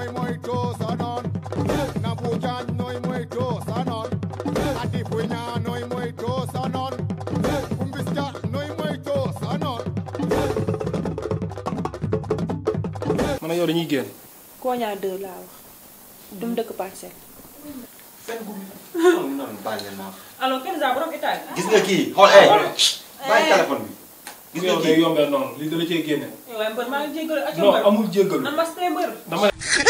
nooy moytoo sa noon Nabou Diagne nooy moytoo sa noon Adi Fuña nooy moytoo sa noon Kumbis Dia nooy moytoo sa noon man ak yow dañuy génn Koña 2 laa wax dum dëkk parcelle fen gu noonu bàyyi leen naa alors Kenza borom Italie ah? gis nga kii xool eh bàyyi eh. téléphone bi gis nga kii yow yombee noonu li dala cee génne. waaye mbër maa ngi jégalu. non amul jégalu. namaste mbër.